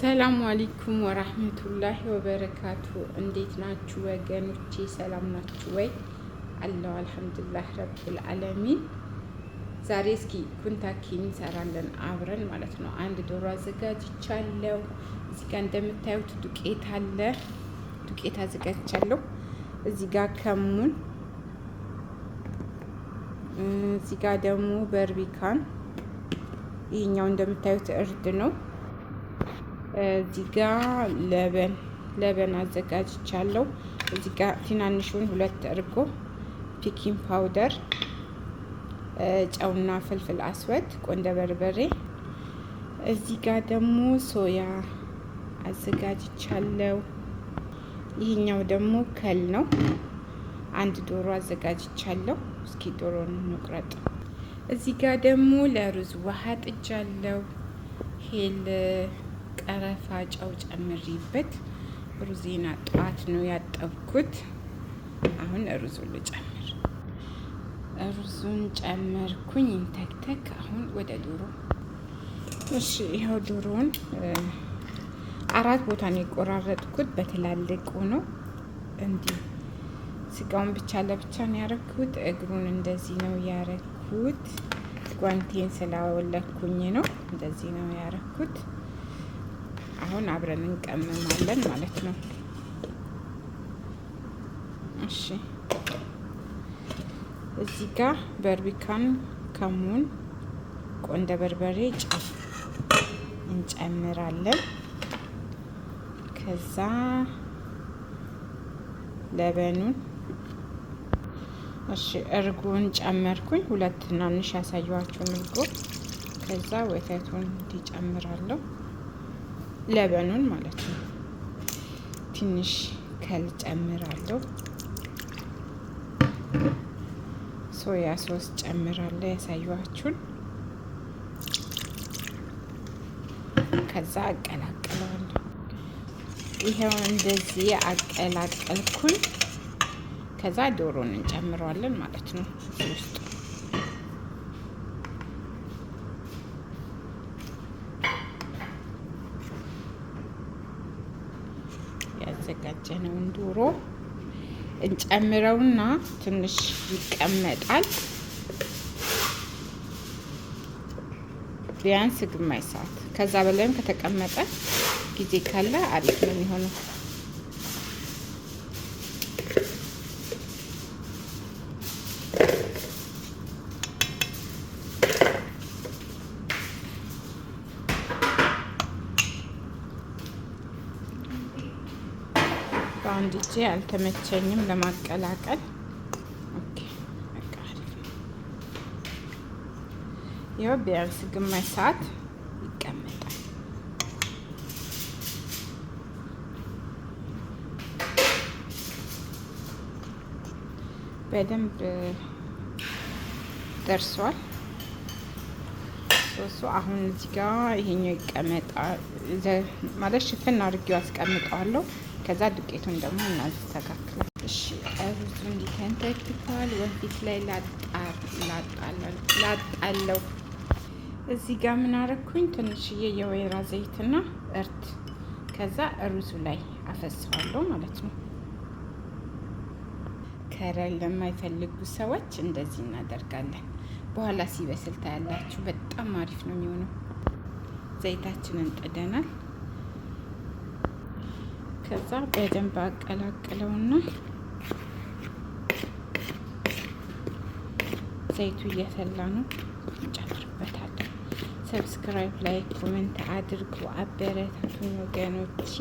ሰላም አለይኩም ወራህመቱላሂ ወበረካቱ። እንዴት ናችሁ ወገኖቼ? ሰላም ናችሁ ወይ? አለው አልሐምዱሊላህ ረብል ዓለሚን። ዛሬ እስኪ ኩንታኪ እንሰራለን አብረን ማለት ነው። አንድ ዶሮ አዘጋጅቻለሁ። እዚህ ጋር እንደምታዩት ዱቄት አለ። ዱቄት አዘጋጅቻለሁ። እዚህ ጋር ከሙን፣ እዚህ ጋር ደግሞ በርቢካን። ይህኛው እንደምታዩት እርድ ነው። እዚህ ጋ ለበን ለበን አዘጋጅቻለሁ። እዚህ ጋ ትናንሹን ሁለት እርጎ፣ ፒኪን ፓውደር፣ ጨውና ፍልፍል አስወት፣ ቆንደ በርበሬ። እዚህ ጋ ደግሞ ሶያ አዘጋጅቻለሁ። ይህኛው ደግሞ ከል ነው። አንድ ዶሮ አዘጋጅቻለሁ። እስኪ ዶሮን እንቁረጥ። እዚህ ጋ ደግሞ ለሩዝ ውሃ ጥጃለሁ ሄል ቀረፋ፣ ጨው ጨምሪበት። ሩዜና ጠዋት ነው ያጠብኩት። አሁን ሩዙን ልጨምር። ሩዙን ጨመርኩኝ። ተክተክ አሁን ወደ ዶሮ። እሺ ይኸው ዶሮውን አራት ቦታ ነው የቆራረጥኩት። በትላልቁ ነው እንዲህ ስጋውን ብቻ ለብቻ ነው ያረኩት። እግሩን እንደዚህ ነው ያረኩት። ጓንቴን ስላወለኩኝ ነው እንደዚህ ነው ያረኩት። አሁን አብረን እንቀመማለን ማለት ነው። እሺ እዚህ ጋር በርቢካን፣ ከሙን፣ ቆንደ በርበሬ፣ ጫፍ እንጨምራለን። ከዛ ለበኑን እሺ እርጎን ጨመርኩኝ። ሁለት ትናንሽ ያሳየኋቸውን እርጎ ከዛ ወተቱን እንዲጨምራለሁ። ለበኑን ማለት ነው። ትንሽ ከልጨምራለሁ ሶያ ሶስ ጨምራለሁ ያሳየኋችሁን። ከዛ አቀላቅለዋለሁ። ይሄው እንደዚህ አቀላቀልኩኝ። ከዛ ዶሮን እንጨምረዋለን ማለት ነው ውስጥ ያዘጋጀ ዶሮ እንጨምረውና ትንሽ ይቀመጣል። ቢያንስ ግማሽ ሰዓት ከዛ በላይም ከተቀመጠ ጊዜ ካለ አሪፍ ነው የሚሆነው። አንድ እጄ አልተመቸኝም ለማቀላቀል። ይኸው ቢያንስ ግማሽ ሰዓት ይቀመጣል። በደንብ ደርሷል ሶሱ። አሁን እዚህ ጋር ይሄኛው ይቀመጣል ማለት ሽፍን አድርጌው አስቀምጠዋለሁ። ከዛ ዱቄቱን ደግሞ እናስተካክላል። እሺ ሩዙ እንዲተን ወንፊት ላይ ላጣለው። እዚህ ጋር ምን አረኩኝ? ትንሽዬ የወይራ ዘይትና እርት ከዛ ሩዙ ላይ አፈሰዋለሁ ማለት ነው። ከረል ለማይፈልጉ ሰዎች እንደዚህ እናደርጋለን። በኋላ ሲበስል ታያላችሁ። በጣም አሪፍ ነው የሚሆነው። ዘይታችንን ጥደናል። ከዛ በደንብ አቀላቅለውና ዘይቱ እየተላ ነው እንጨምርበታለን። ሰብስክራይብ ላይ ኮሜንት አድርጉ፣ አበረታቱን ወገኖቼ።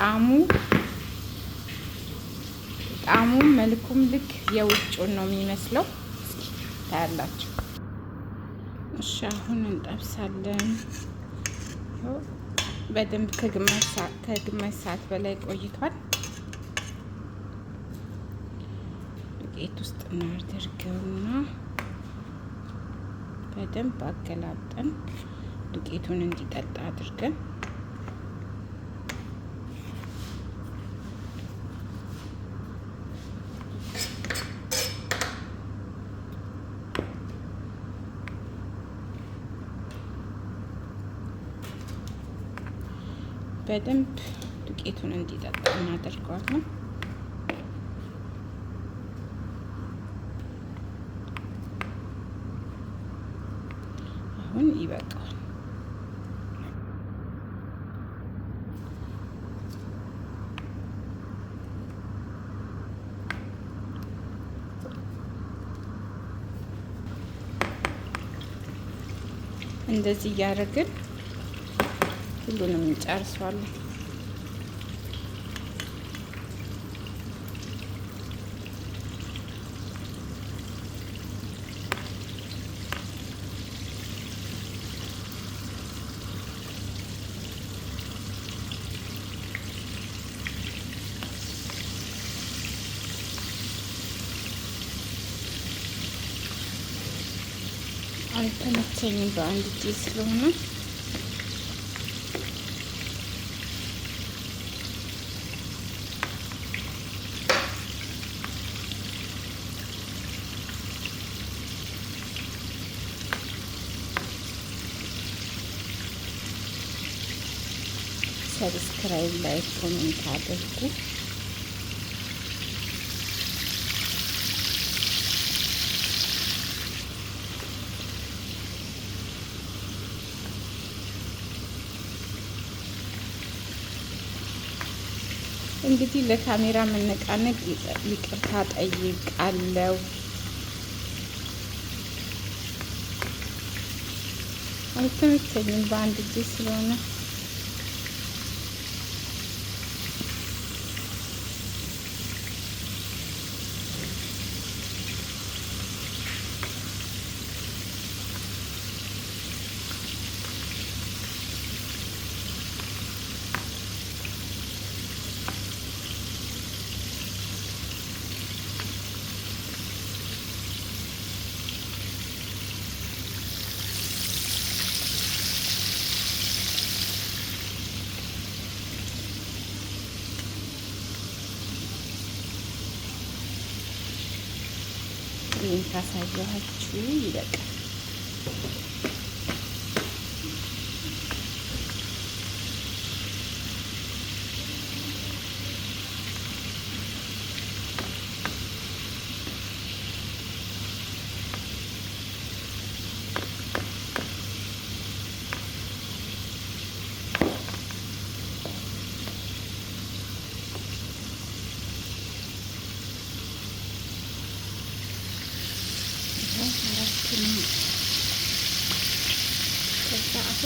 ጣሙ ጣሙ መልኩም ልክ የውጭውን ነው የሚመስለው። እስኪ ታያላችሁ። እሺ አሁን እንጠብሳለን። በደንብ ከግማሽ ሰዓት በላይ ቆይቷል። ዱቄት ውስጥ እናድርገውና በደንብ አገላጠን ዱቄቱን እንዲጠጣ አድርገን በደንብ ዱቄቱን እንዲጠጣ እናደርገዋለን። አሁን ይበቃዋል። እንደዚህ እያደረግን ሁሉንም እንጨርሷለን። አልተመቸኝም በአንድ እጄ ስለሆነ ሰብስክራይብ፣ ላይክ፣ ኮሜንት አድርጉ። እንግዲህ ለካሜራ መነቃነቅ ይቅርታ ጠይቃለሁ። አልተመቸኝም በአንድ ጊዜ ስለሆነ ይሄን ካሳየኋችሁ ይበቃል።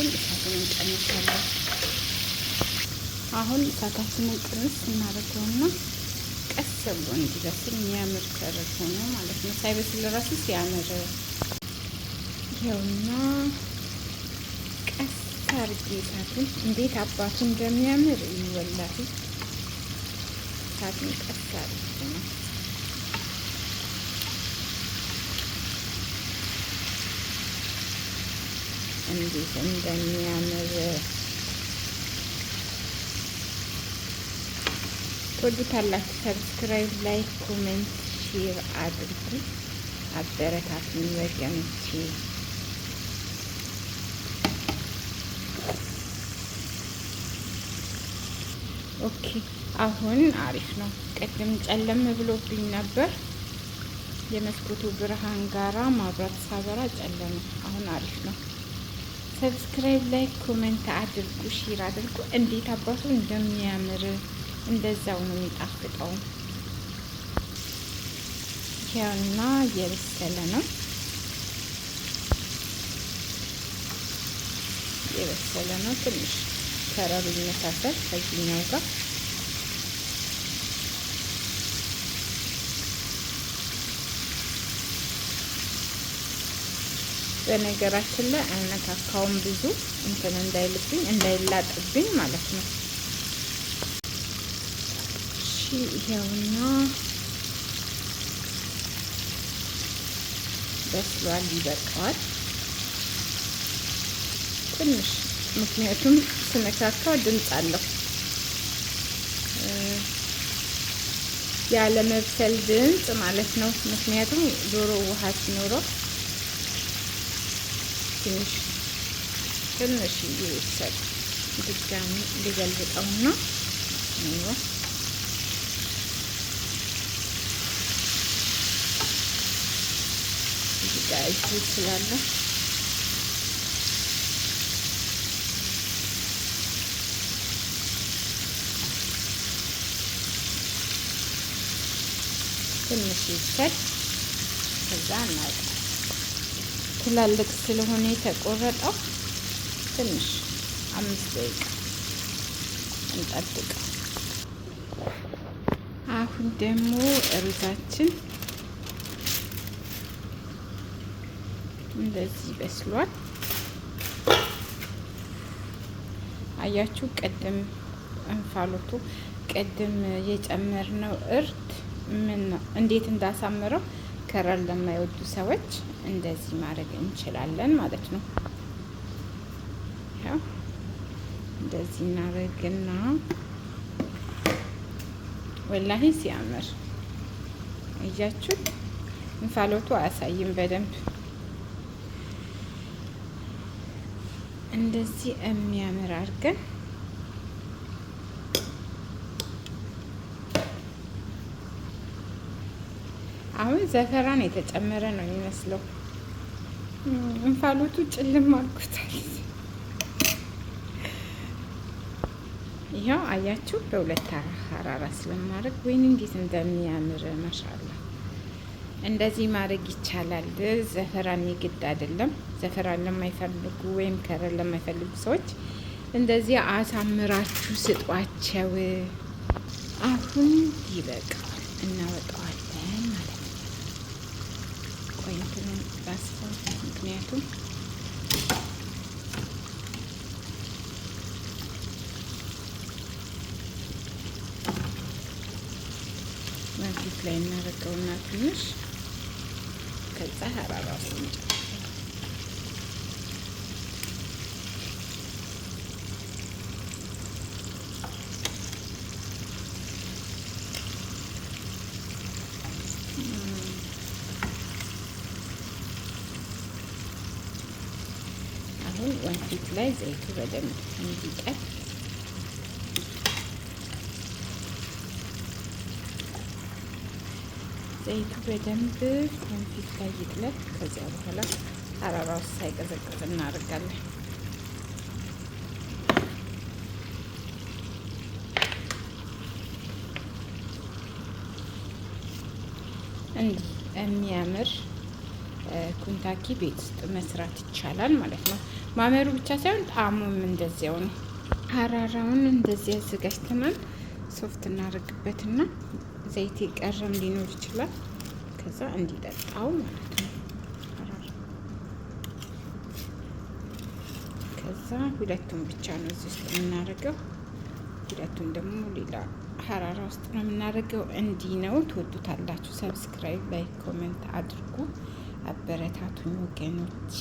አድርገን እሳቱን እንቀንሳለን። አሁን እሳታችንን ቅንስ እናደርገውና ቀስ ብሎ እንዲበስል የሚያምር ከረር ሆነ ማለት ነው። ሳይበስል ራሱ ሲያምር ይኸውና፣ ቀስ አድርጌ እሳቱን እንዴት አባቱ እንደሚያምር ይወላል። እሳቱን ቀስ አድርጌ ነው እንዴት እንደሚያምር ትወዱታላችሁ። ሰብስክራይብ፣ ላይክ፣ ኮሜንት፣ ሼር አድርጉ። አበረታት ወገኖቼ። ኦኬ አሁን አሪፍ ነው። ቅድም ጨለም ብሎብኝ ነበር የመስኮቱ ብርሃን ጋራ ማብራት ሳበራ ጨለመ። አሁን አሪፍ ነው። ሰብስክራይብ፣ ላይክ፣ ኮሜንት አድርጉ፣ ሼር አድርጉ። እንዴት አባቱ እንደሚያምር እንደዛው ነው የሚጣፍጠው። ያና የበሰለ ነው የበሰለ ነው። ትንሽ ከረሩ ይመሳሰል ከዚህኛው ጋር በነገራችን ላይ አልነካካውም ብዙ እንትን እንዳይልብኝ እንዳይላጥብኝ ማለት ነው። እሺ ይሄውና በስሏል፣ ይበቃዋል ትንሽ ምክንያቱም ስነካካው ድምፅ አለው። ያለ መብሰል ድምፅ ማለት ነው። ምክንያቱም ዶሮ ውሃ ሲኖረው ትንሽ ትንሽ ይውሰድ ድጋሚ ሊገልጠውና ጋይዝ ስላለ ትንሽ ይውሰድ ከዛ እናውቅ ትላልቅ ስለሆነ የተቆረጠው ትንሽ አምስት ደቂቃ እንጠብቅ። አሁን ደግሞ ሩዛችን እንደዚህ በስሏል። አያችሁ ቅድም እንፋሎቱ ቅድም የጨመርነው እርድ ምን እንዴት እንዳሳምረው ከረር ለማይወዱ ሰዎች እንደዚህ ማድረግ እንችላለን ማለት ነው። ያው እንደዚህ እናደርግና ወላሂ ሲያምር እያችሁ እንፋሎቱ አያሳይም በደንብ እንደዚህ የሚያምር አድርገን ዘፈራን የተጨመረ ነው የሚመስለው። እንፋሎቱ ጭልም አድርጎታል። ይኸው አያችሁ፣ በሁለት አራራ ስለማድረግ ወይን እንዴት እንደሚያምር ማሻላ። እንደዚህ ማድረግ ይቻላል። ዘፈራን የግድ አይደለም። ዘፈራን ለማይፈልጉ ወይም ከረን ለማይፈልጉ ሰዎች እንደዚህ አሳምራችሁ ስጧቸው። አሁን ይበቃል፣ እናወጣዋል። ሁለቱም ማግሌት ላይ እናደርገውና ትንሽ ከዛ ሀራራሱ እንጨ ፊት ላይ ዘይቱ በደንብ እንዲቀል ዘይቱ በደንብ ኮንፊት ላይ ይቅለል። ከዚያ በኋላ አራራ ውስጥ ሳይቀዘቅዝ እናደርጋለን። እንዲህ የሚያምር ኩንታኪ ቤት ውስጥ መስራት ይቻላል ማለት ነው። ማመሩ ብቻ ሳይሆን ጣዕሙም እንደዚያው ነው። ሀራራውን እንደዚህ አዘጋጅተናል። ሶፍት እናደርግበትና ዘይት ቀረም ሊኖር ይችላል። ከዛ እንዲጠጣው ማለት ነው። ከዛ ሁለቱን ብቻ ነው እዚህ ውስጥ የምናደርገው። ሁለቱን ደግሞ ሌላ ሀራራ ውስጥ ነው የምናደርገው። እንዲህ ነው ትወዱታላችሁ። ሰብስክራይብ፣ ላይክ፣ ኮሜንት አድርጉ። አበረታቱኝ ወገኖቼ።